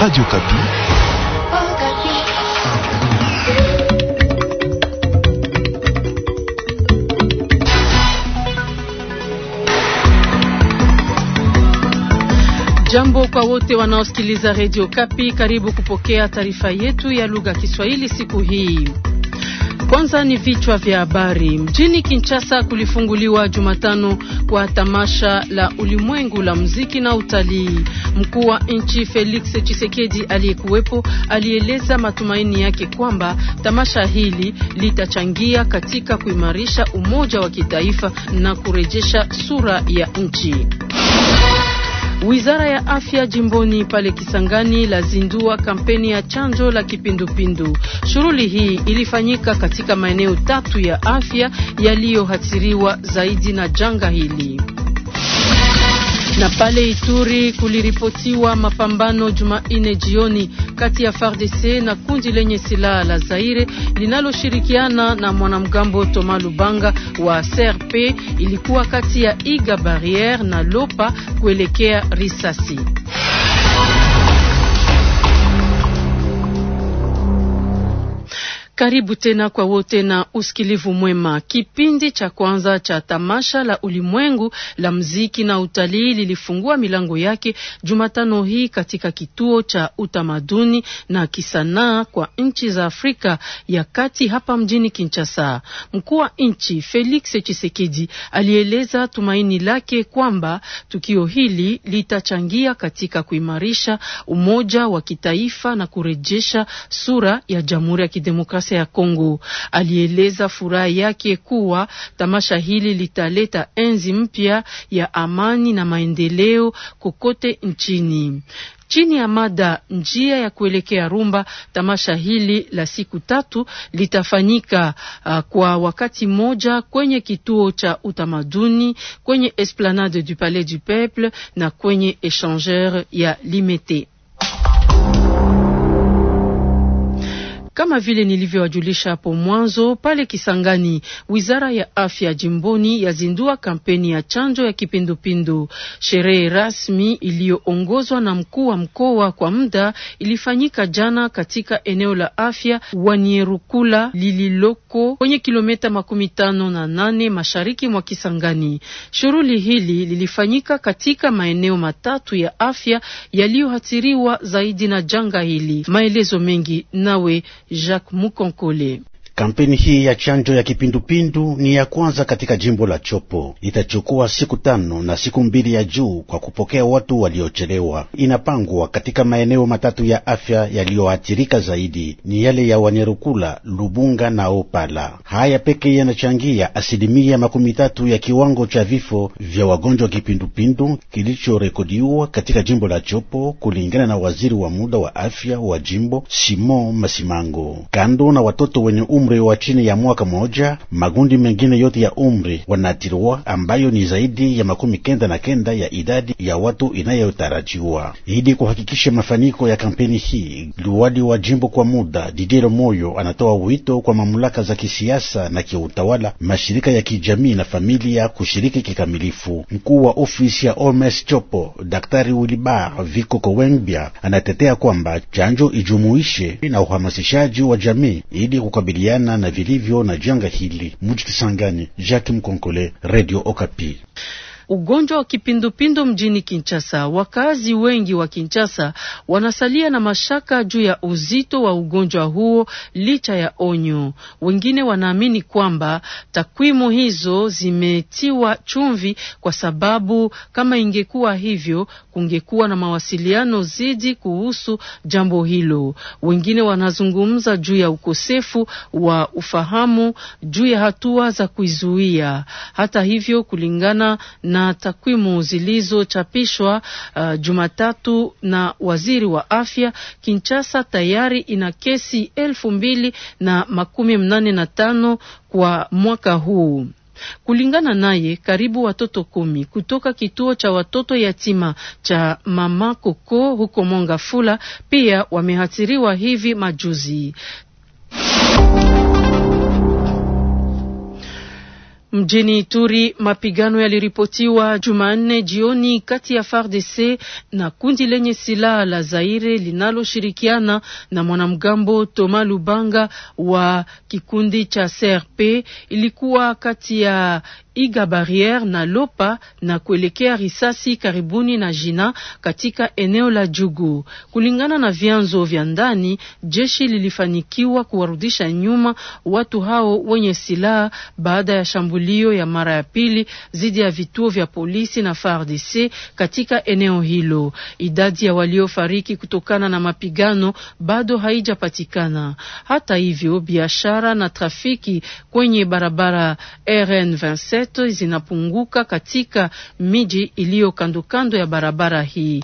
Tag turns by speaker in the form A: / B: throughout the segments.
A: Radio Kapi.
B: Jambo kwa wote wanaosikiliza Radio Kapi, karibu kupokea taarifa yetu ya lugha Kiswahili siku hii. Kwanza ni vichwa vya habari. Mjini Kinshasa kulifunguliwa Jumatano kwa tamasha la ulimwengu la muziki na utalii. Mkuu wa nchi Felix Tshisekedi aliyekuwepo alieleza matumaini yake kwamba tamasha hili litachangia katika kuimarisha umoja wa kitaifa na kurejesha sura ya nchi. Wizara ya afya jimboni pale Kisangani lazindua kampeni ya chanjo la kipindupindu. Shughuli hii ilifanyika katika maeneo tatu ya afya yaliyohatiriwa zaidi na janga hili. Na pale Ituri kuliripotiwa mapambano Jumanne jioni kati ya FARDC na kundi lenye silaha la Zaire linaloshirikiana na mwanamgambo thomas Lubanga wa CRP. Ilikuwa kati ya Iga Barriere na Lopa kuelekea Risasi. Karibu tena kwa wote na usikilivu mwema. Kipindi cha kwanza cha tamasha la ulimwengu la mziki na utalii lilifungua milango yake Jumatano hii katika kituo cha utamaduni na kisanaa kwa nchi za Afrika ya Kati hapa mjini Kinshasa. Mkuu wa nchi Felix Tshisekedi alieleza tumaini lake kwamba tukio hili litachangia katika kuimarisha umoja wa kitaifa na kurejesha sura ya Jamhuri ya Kidemokrasia kidemokrasia ya Kongo. Alieleza furaha yake kuwa tamasha hili litaleta enzi mpya ya amani na maendeleo kokote nchini. Chini ya mada njia ya kuelekea Rumba, tamasha hili la siku tatu litafanyika uh, kwa wakati mmoja kwenye kituo cha utamaduni, kwenye Esplanade du Palais du Peuple na kwenye Echangeur ya Limete. Kama vile nilivyowajulisha hapo mwanzo, pale Kisangani, wizara ya afya jimboni yazindua kampeni ya chanjo ya kipindupindu. Sherehe rasmi iliyoongozwa na mkuu wa mkoa kwa muda ilifanyika jana katika eneo la afya wanierukula lililoko kwenye kilomita makumi tano na nane mashariki mwa Kisangani. Shughuli hili lilifanyika katika maeneo matatu ya afya yaliyohatiriwa zaidi na janga hili. Maelezo mengi nawe Jacques Moukonkole.
C: Kampeni hii ya chanjo ya kipindupindu ni ya kwanza katika jimbo la Chopo. Itachukua siku tano na siku mbili ya juu kwa kupokea watu waliochelewa. Inapangwa katika maeneo matatu ya afya yaliyoathirika zaidi, ni yale ya Wanyerukula, Lubunga na Opala. Haya pekee yanachangia asilimia makumi tatu ya kiwango cha vifo vya wagonjwa wa kipindupindu kilichorekodiwa katika jimbo la Chopo, kulingana na waziri wa muda wa afya wa jimbo Simon Masimango. Kando na watoto wenye umri umri wa chini ya mwaka moja. Magundi mengine yote ya umri wanatirwa ambayo ni zaidi ya makumi kenda na kenda ya idadi ya watu inayotarajiwa. Ili kuhakikisha mafanikio ya kampeni hii, liwali wa jimbo kwa muda Didero Moyo anatoa wito kwa mamlaka za kisiasa na kiutawala, mashirika ya kijamii na familia kushiriki kikamilifu. Mkuu wa ofisi ya OMS Chopo Daktari Wilibar Viko Wengbia anatetea kwamba chanjo ijumuishe na uhamasishaji wa jamii ili kukabiliana kukabiliana na vilivyo na janga hili. Mji Kisangani, Jacques Mkonkole, Radio Okapi.
B: Ugonjwa wa kipindupindu mjini Kinshasa. Wakazi wengi wa Kinshasa wanasalia na mashaka juu ya uzito wa ugonjwa huo licha ya onyo. Wengine wanaamini kwamba takwimu hizo zimetiwa chumvi, kwa sababu kama ingekuwa hivyo, kungekuwa na mawasiliano zaidi kuhusu jambo hilo. Wengine wanazungumza juu ya ukosefu wa ufahamu juu ya hatua za kuizuia. Hata hivyo, kulingana na takwimu zilizochapishwa uh, Jumatatu na waziri wa afya, Kinshasa tayari ina kesi elfu mbili na makumi mnane na tano kwa mwaka huu. Kulingana naye, karibu watoto kumi kutoka kituo cha watoto yatima cha Mama Koko huko Mongafula pia wameathiriwa hivi majuzi. Mjini Ituri mapigano yaliripotiwa Jumanne jioni kati ya FARDC na kundi lenye silaha la Zaire linaloshirikiana na mwanamgambo thomas Lubanga wa kikundi cha CRP. Ilikuwa kati ya Iga Barriere na Lopa na kuelekea risasi karibuni na Jina katika eneo la Jugu. Kulingana na vyanzo vya ndani, jeshi lilifanikiwa kuwarudisha nyuma watu hao wenye silaha baada ya shambulio ya mara ya pili dhidi ya vituo vya polisi na FARDC katika eneo hilo. Idadi ya waliofariki kutokana na mapigano bado haijapatikana. Hata hivyo, biashara na trafiki kwenye barabara RN 27 zetu zinapunguka katika miji iliyo kandokando ya barabara hii.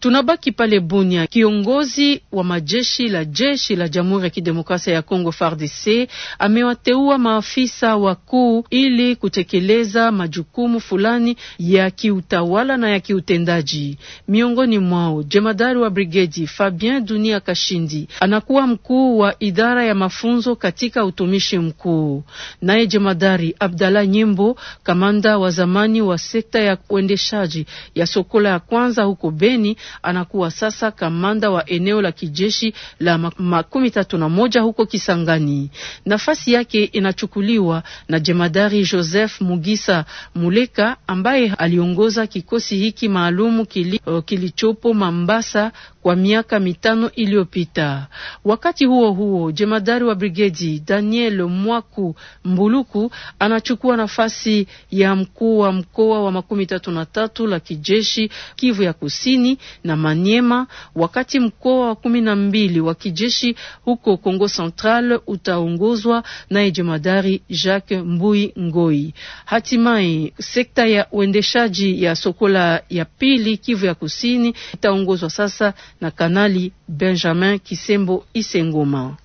B: Tunabaki pale Bunia. Kiongozi wa majeshi la jeshi la Jamhuri ya Kidemokrasia ya Kongo FARDC amewateua maafisa wakuu ili kutekeleza majukumu fulani ya kiutawala na ya kiutendaji. Miongoni mwao jemadari wa brigedi Fabien Dunia Kashindi anakuwa mkuu wa idara ya mafunzo katika utumishi mkuu, naye jemadari Abdalla Nyimbo, kamanda wa zamani wa sekta ya uendeshaji ya Sokola ya kwanza huko Beni anakuwa sasa kamanda wa eneo la kijeshi la makumi tatu na moja huko Kisangani. Nafasi yake inachukuliwa na jemadari Joseph Mugisa Muleka ambaye aliongoza kikosi hiki maalumu kili, uh, kilichopo Mambasa kwa miaka mitano iliyopita. Wakati huo huo, jemadari wa brigedi Daniel Mwaku Mbuluku anachukua nafasi ya mkuu wa mkoa wa makumi tatu na tatu la kijeshi Kivu ya Kusini na Maniema, wakati mkoa wa kumi na mbili wa kijeshi huko Kongo Central utaongozwa na jemadari Jacques Mbui Ngoi. Hatimaye sekta ya uendeshaji ya Sokola ya pili Kivu ya Kusini itaongozwa sasa na Kanali Benjamin Kisembo Isengoma.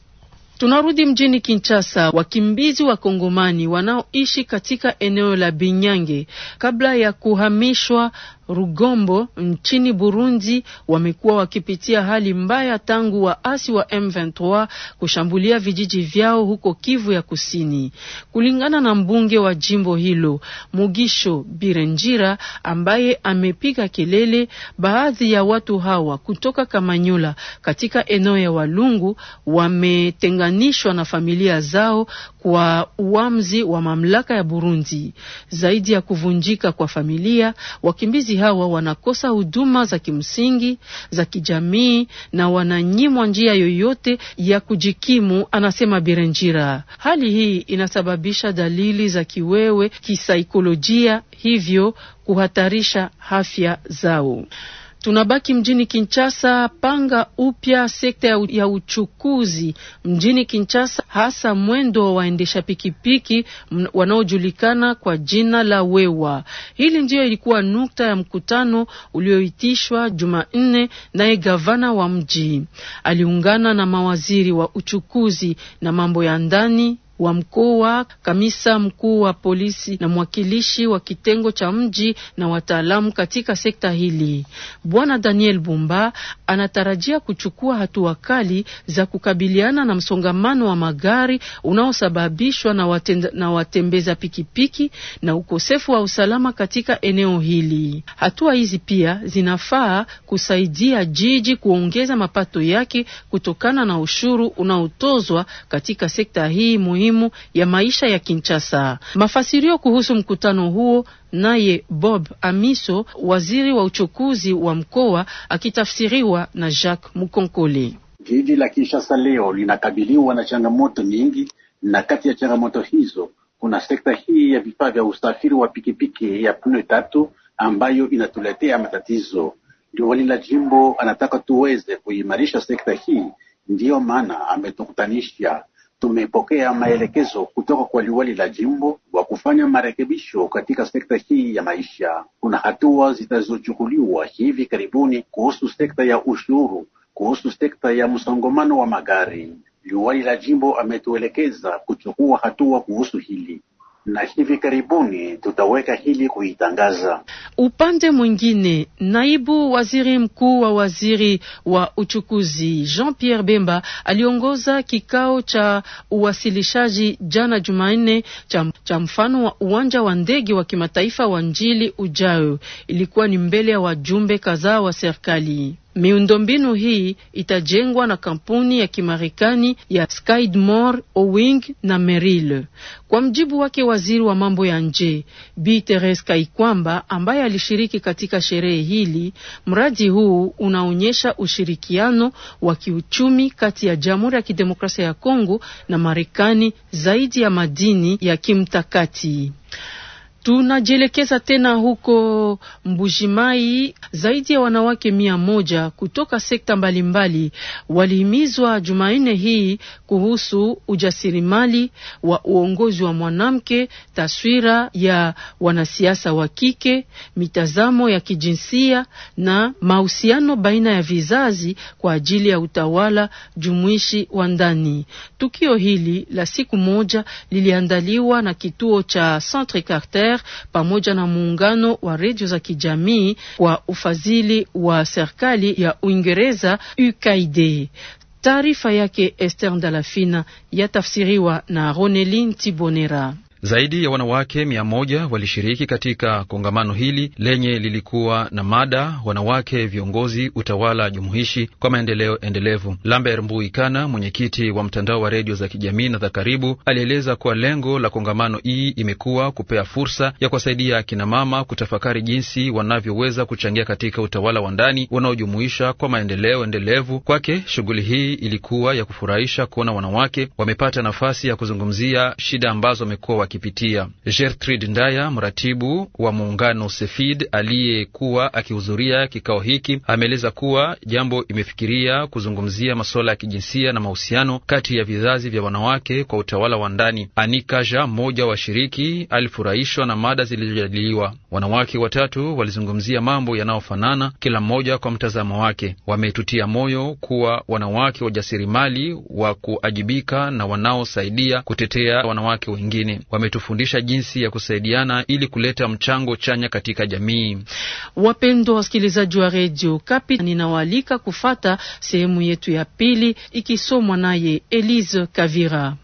B: Tunarudi mjini Kinshasa. Wakimbizi wa Kongomani wanaoishi katika eneo la Binyange kabla ya kuhamishwa Rugombo nchini Burundi wamekuwa wakipitia hali mbaya tangu waasi wa M23 kushambulia vijiji vyao huko Kivu ya Kusini. Kulingana na mbunge wa jimbo hilo, Mugisho Birenjira ambaye amepiga kelele, baadhi ya watu hawa kutoka Kamanyola katika eneo ya Walungu wametenganishwa na familia zao wa uamzi wa mamlaka ya Burundi. Zaidi ya kuvunjika kwa familia, wakimbizi hawa wanakosa huduma za kimsingi za kijamii na wananyimwa njia yoyote ya kujikimu, anasema Berenjira. Hali hii inasababisha dalili za kiwewe kisaikolojia, hivyo kuhatarisha afya zao. Tunabaki mjini Kinshasa. Panga upya sekta ya uchukuzi mjini Kinshasa, hasa mwendo wa waendesha pikipiki wanaojulikana kwa jina la wewa. Hili ndiyo ilikuwa nukta ya mkutano ulioitishwa Jumanne, naye gavana wa mji aliungana na mawaziri wa uchukuzi na mambo ya ndani wa mkoa, kamisa mkuu wa polisi na mwakilishi wa kitengo cha mji na wataalamu katika sekta hili. Bwana Daniel Bumba anatarajia kuchukua hatua kali za kukabiliana na msongamano wa magari unaosababishwa na, na watembeza pikipiki na ukosefu wa usalama katika eneo hili. Hatua hizi pia zinafaa kusaidia jiji kuongeza mapato yake kutokana na ushuru unaotozwa katika sekta hii muhimu muhimu ya maisha ya Kinshasa. Mafasirio kuhusu mkutano huo naye Bob Amiso, waziri wa uchukuzi wa mkoa, akitafsiriwa na Jacques Mukonkole.
C: Jiji la Kinshasa leo linakabiliwa na changamoto nyingi, na kati ya changamoto hizo kuna sekta hii ya vifaa vya usafiri wa pikipiki ya pneu tatu ambayo inatuletea matatizo. Liwali la jimbo anataka tuweze kuimarisha sekta hii, ndiyo maana ametukutanisha Tumepokea maelekezo kutoka kwa liwali la jimbo wa kufanya marekebisho katika sekta hii ya maisha. Kuna hatua zitazochukuliwa hivi karibuni kuhusu sekta ya ushuru, kuhusu sekta ya msongamano wa magari. Liwali la jimbo ametuelekeza kuchukua hatua kuhusu hili na hivi karibuni tutaweka hili kuitangaza.
B: Upande mwingine, naibu waziri mkuu wa waziri wa uchukuzi Jean Pierre Bemba aliongoza kikao cha uwasilishaji jana Jumanne cha, cha mfano wa uwanja wa ndege wa kimataifa wa Njili ujao. Ilikuwa ni mbele ya wajumbe kadhaa wa serikali. Miundombinu hii itajengwa na kampuni ya Kimarekani ya Skidmore, Owing na Merrill. Kwa mjibu wake waziri wa mambo ya nje b Teres Kaikwamba ambaye alishiriki katika sherehe hili, mradi huu unaonyesha ushirikiano wa kiuchumi kati ya Jamhuri ya Kidemokrasia ya Kongo na Marekani zaidi ya madini ya kimtakati Tunajielekeza tena huko Mbujimai. Zaidi ya wanawake mia moja kutoka sekta mbalimbali walihimizwa Jumanne hii kuhusu ujasirimali wa uongozi wa mwanamke, taswira ya wanasiasa wa kike, mitazamo ya kijinsia na mahusiano baina ya vizazi kwa ajili ya utawala jumuishi wa ndani. Tukio hili la siku moja liliandaliwa na kituo cha Centre Carter UNHCR pamoja na muungano wa redio za kijamii kwa ufadhili wa serikali ya Uingereza UKID. Taarifa yake Esther Ndalafina yatafsiriwa na Ronelin Tibonera.
D: Zaidi ya wanawake mia moja walishiriki katika kongamano hili lenye lilikuwa na mada wanawake viongozi, utawala jumuishi kwa maendeleo endelevu. Lambert Mbuikana, mwenyekiti wa mtandao wa redio za kijamii na za karibu, alieleza kuwa lengo la kongamano hii imekuwa kupea fursa ya kuwasaidia akinamama kutafakari jinsi wanavyoweza kuchangia katika utawala wa ndani unaojumuisha kwa maendeleo endelevu. Kwake shughuli hii ilikuwa ya kufurahisha kuona wanawake wamepata nafasi ya kuzungumzia shida ambazo wamekuwa wakipitia. Gertrude Ndaya, mratibu wa muungano Sefid aliyekuwa akihudhuria kikao hiki, ameeleza kuwa jambo imefikiria kuzungumzia masuala ya kijinsia na mahusiano kati ya vizazi vya wanawake kwa utawala wa ndani. Anikaja, mmoja wa shiriki, alifurahishwa na mada zilizojadiliwa. Wanawake watatu walizungumzia mambo yanayofanana, kila mmoja kwa mtazamo wake. Wametutia moyo kuwa wanawake wajasiriamali wa kuajibika na wanaosaidia kutetea wanawake wengine Wame wametufundisha jinsi ya kusaidiana ili kuleta mchango chanya katika jamii.
B: Wapendwa wasikilizaji wa redio Kapi, ninawaalika kufata sehemu yetu ya pili ikisomwa naye Elise Kavira.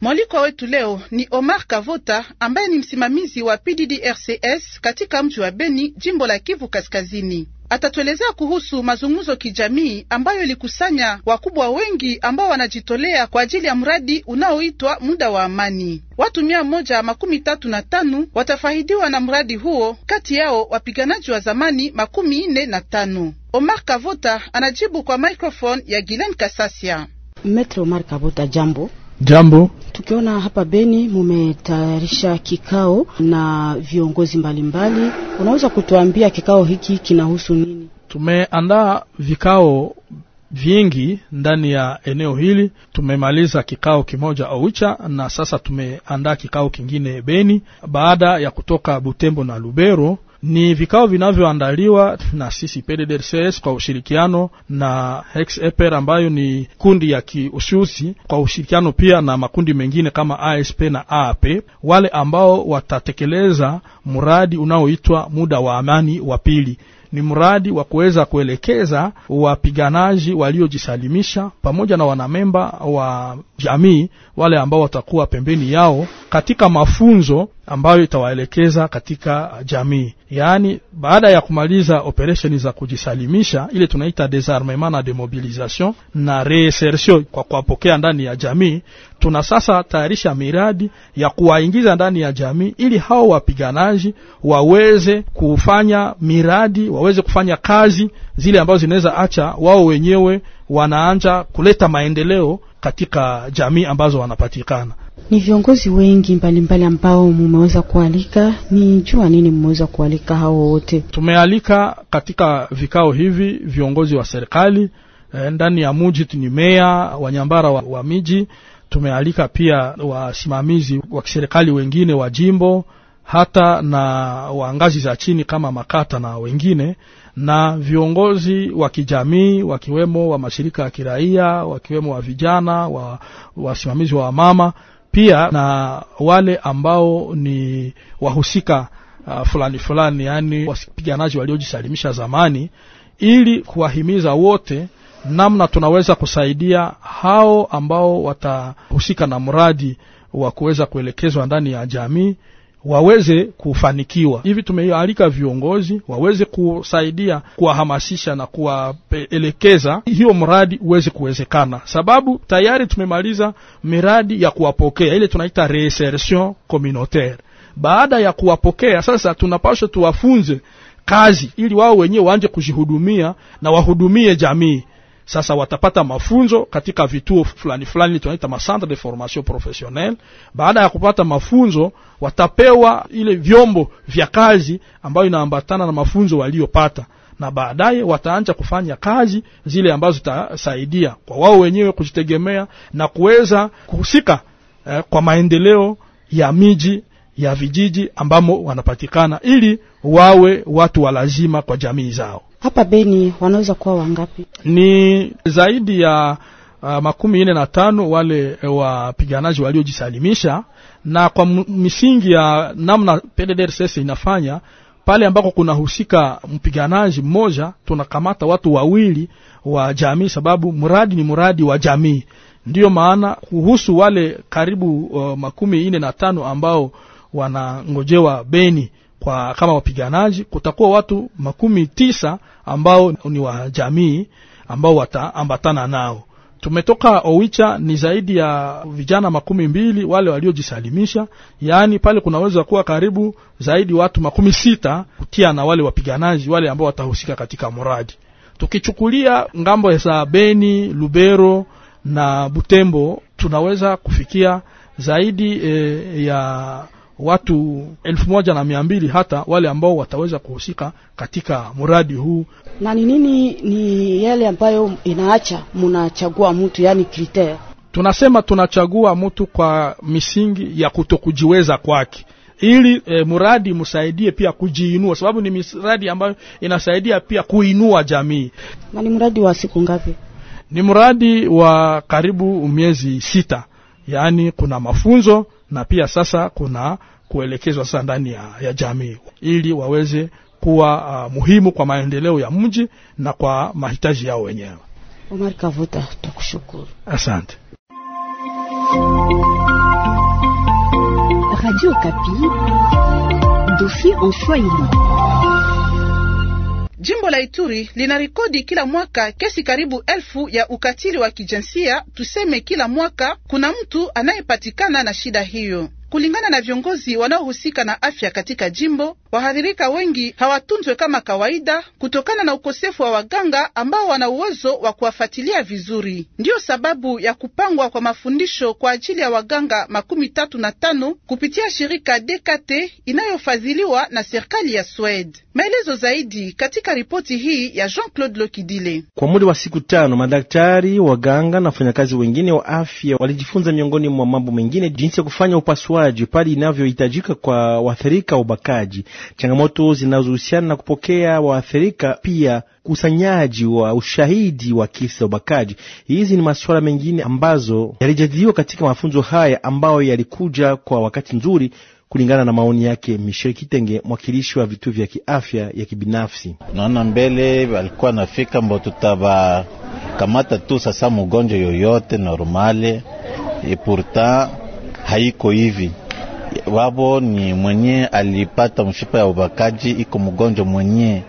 E: Mwaliko wetu leo ni Omar Kavota ambaye ni msimamizi wa PDDRCS katika mji wa Beni, jimbo la Kivu Kaskazini atatuelezea kuhusu mazungumzo kijamii ambayo ilikusanya wakubwa wengi ambao wanajitolea kwa ajili ya mradi unaoitwa muda wa amani. Watu mia moja makumi tatu na tano watafahidiwa na mradi huo, kati yao wapiganaji wa zamani makumi nne na tano. Omar Kavota anajibu kwa microphone ya Gilen Kasasia. Metro Omar Kavota, jambo Jambo, tukiona hapa Beni mumetayarisha kikao na viongozi mbalimbali, unaweza kutuambia kikao hiki kinahusu
F: nini? Tumeandaa vikao vingi ndani ya eneo hili. Tumemaliza kikao kimoja Oicha na sasa tumeandaa kikao kingine Beni baada ya kutoka Butembo na Lubero ni vikao vinavyoandaliwa na sisi PDDRCS kwa ushirikiano na hex ambayo ni kundi ya kiushusi kwa ushirikiano pia na makundi mengine kama ASP na AAP, wale ambao watatekeleza mradi unaoitwa muda wa amani wa pili ni mradi wa kuweza kuelekeza wapiganaji waliojisalimisha pamoja na wanamemba wa jamii wale ambao watakuwa pembeni yao katika mafunzo ambayo itawaelekeza katika jamii. Yaani, baada ya kumaliza operesheni za kujisalimisha, ile tunaita desarmement na demobilisation na reinsertion kwa kuwapokea ndani ya jamii, tuna sasa tayarisha miradi ya kuwaingiza ndani ya jamii ili hao wapiganaji waweze kufanya miradi, waweze kufanya kazi zile ambazo zinaweza acha wao wenyewe wanaanja kuleta maendeleo katika jamii ambazo wanapatikana.
E: Ni viongozi wengi mbalimbali ambao mumeweza kualika, ni jua nini mmeweza kualika hao wote?
F: Tumealika katika vikao hivi viongozi wa serikali e, ndani ya muji ni meya, wanyambara wa, wa miji. Tumealika pia wasimamizi wa kiserikali wengine wa jimbo hata na wa ngazi za chini kama makata na wengine, na viongozi wa kijamii wakiwemo wa mashirika ya kiraia, wakiwemo wa vijana, wa wasimamizi wa mama pia na wale ambao ni wahusika uh, fulani fulani, yani wapiganaji waliojisalimisha zamani, ili kuwahimiza wote namna tunaweza kusaidia hao ambao watahusika na mradi wa kuweza kuelekezwa ndani ya jamii waweze kufanikiwa. Hivi tumealika viongozi waweze kusaidia kuwahamasisha na kuwaelekeza hiyo mradi uweze kuwezekana, sababu tayari tumemaliza miradi ya kuwapokea, ile tunaita reinsertion communautaire. Baada ya kuwapokea sasa, tunapaswa tuwafunze kazi ili wao wenyewe waanje kujihudumia na wahudumie jamii. Sasa watapata mafunzo katika vituo fulani fulani, tunaita macentre de formation professionnelle. Baada ya kupata mafunzo, watapewa ile vyombo vya kazi ambayo inaambatana na mafunzo waliopata na baadaye wataanza kufanya kazi zile ambazo zitasaidia kwa wao wenyewe kujitegemea na kuweza kuhusika eh, kwa maendeleo ya miji ya vijiji ambamo wanapatikana ili wawe watu wa lazima kwa jamii zao.
E: Hapa Beni wanaweza kuwa wangapi?
F: Ni zaidi ya uh, makumi nne na tano wale eh, wapiganaji waliojisalimisha, na kwa misingi ya namna PDDRCS inafanya pale ambako kunahusika mpiganaji mmoja, tunakamata watu wawili wa jamii, sababu mradi ni mradi wa jamii. Ndiyo maana kuhusu wale karibu uh, makumi nne na tano ambao wanangojewa Beni kwa kama wapiganaji, kutakuwa watu makumi tisa ambao ni wa jamii ambao wataambatana nao. Tumetoka Owicha ni zaidi ya vijana makumi mbili wale waliojisalimisha, yaani pale kunaweza kuwa karibu zaidi watu makumi sita kutia na wale wapiganaji wale ambao watahusika katika mradi. Tukichukulia ngambo za Beni, Lubero na Butembo tunaweza kufikia zaidi e, ya watu elfu moja na mia mbili hata wale ambao wataweza kuhusika katika mradi huu.
E: Na ni nini? Ni yale ambayo inaacha munachagua mtu, yani kriteria?
F: Tunasema tunachagua mtu kwa misingi ya kutokujiweza kwake ili e, mradi msaidie pia kujiinua, sababu ni miradi ambayo inasaidia pia kuinua jamii. Na ni mradi wa siku ngapi? Ni mradi wa karibu miezi sita yaani kuna mafunzo na pia sasa kuna kuelekezwa sasa ndani ya, ya jamii ili waweze kuwa uh, muhimu kwa maendeleo ya mji na kwa mahitaji yao wenyewe. Omar Kavuta, tukushukuru. Asante.
E: Radio Kapi, dossier en Swahili. Jimbo la Ituri lina rikodi kila mwaka kesi karibu elfu ya ukatili wa kijinsia. Tuseme kila mwaka kuna mtu anayepatikana na shida hiyo. Kulingana na viongozi wanaohusika na afya katika jimbo, Wahadhirika wengi hawatunzwe kama kawaida kutokana na ukosefu wa waganga ambao wana uwezo wa kuwafuatilia vizuri. Ndiyo sababu ya kupangwa kwa mafundisho kwa ajili ya waganga makumi tatu na tano kupitia shirika DKT inayofadhiliwa na serikali ya Sweden. Maelezo zaidi katika ripoti hii ya Jean-Claude Lokidile.
A: Kwa muda wa siku tano, madaktari, waganga na wafanyakazi wengine wa afya walijifunza miongoni mwa mambo mengine, jinsi ya kufanya upasuaji pale inavyohitajika kwa waathirika wa ubakaji changamoto zinazohusiana na kupokea waathirika, pia ukusanyaji wa ushahidi wa kisa ubakaji. Hizi ni masuala mengine ambazo yalijadiliwa katika mafunzo haya ambayo yalikuja kwa wakati nzuri kulingana na maoni yake Michel Kitenge, mwakilishi wa vituo vya kiafya ya kibinafsi. Naona mbele
C: walikuwa nafika mbo kamata tu sasa mgonjwa yoyote normale, e pourtant haiko hivi wabo ni mwenye alipata mshipa ya ubakaji, iko mgonjwa mwenye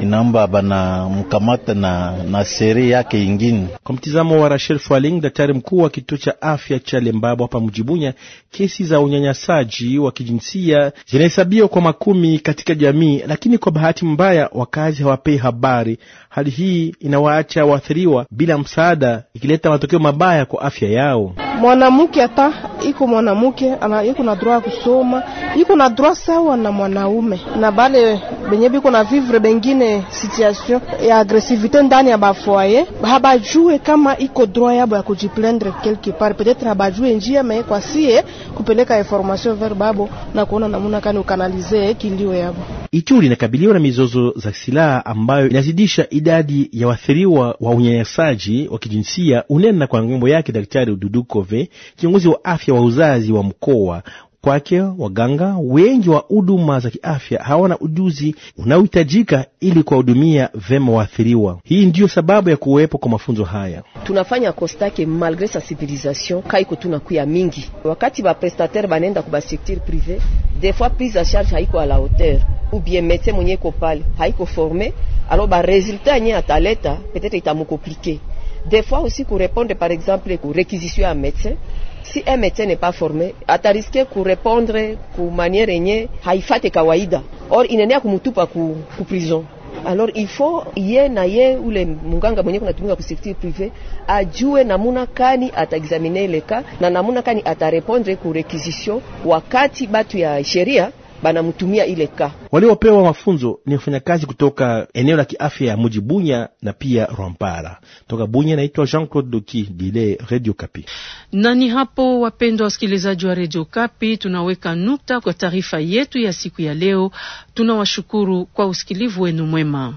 C: inaomba
A: bana mkamata na, na seri yake ingine. Kwa mtizamo wa Rachel Fwaling, daktari mkuu wa kituo cha afya cha Lembabo hapa Mjibunya, kesi za unyanyasaji wa kijinsia zinahesabiwa kwa makumi katika jamii, lakini kwa bahati mbaya wakazi hawapei habari. Hali hii inawaacha waathiriwa bila msaada, ikileta matokeo mabaya kwa afya yao
E: mwanamke hata iko mwanamke iko na droit ya kusoma, iko na droit sawa na mwanaume. Na bale benye biko na vivre bengine situation ya agresivite ndani ya bafoye, habajue kama iko droit yabo ya kujiplendre quelque part, peut-être habajue njia me kwa sie kupeleka information vers babo na kuona namuna kani ukanalize kilio yabo.
A: Ituri inakabiliwa na mizozo za silaha ambayo inazidisha idadi ya wathiriwa wa unyanyasaji wa kijinsia, unena kwa ngambo yake Daktari Ududuko Mutove, kiongozi wa afya wa uzazi wa mkoa kwake waganga wengi wa huduma za kiafya hawana ujuzi unaohitajika ili kuwahudumia vema waathiriwa. Hii ndiyo sababu ya kuwepo kwa mafunzo haya.
B: Tunafanya kostake malgre
E: sensibilisation kaiko kuya mingi, wakati baprestataire banaenda ba secteur privé, des fois prise en charge haiko a la hauteur ou bien médecin mwenye ko pale haiko forme, alors ba resultat yenye ataleta peut-être itamukomplike Des fois aussi kurépondre par exemple ku réquisition ya médecin si un médecin n'est pas formé atariske kurepondre ku maniere yenye haifate kawaida, or inaenea kumutupa ku, ku prison. Alors il faut ye na ye ule munganga mwenye kunatumika ku secteur privé ajue namuna kani ataexamine ile ka na namuna kani atarepondre ku requisition wakati batu ya sheria banamtumia ile ka.
A: Waliopewa mafunzo ni wafanyakazi kutoka eneo la kiafya ya muji Bunya na pia Rwampara. Toka Bunya naitwa Jean Claude Doki dile Radio Kapi.
B: ni hapo, wapendwa wasikilizaji wa Radio Kapi, tunaweka nukta kwa taarifa yetu ya siku ya leo. Tunawashukuru kwa usikilivu wenu mwema.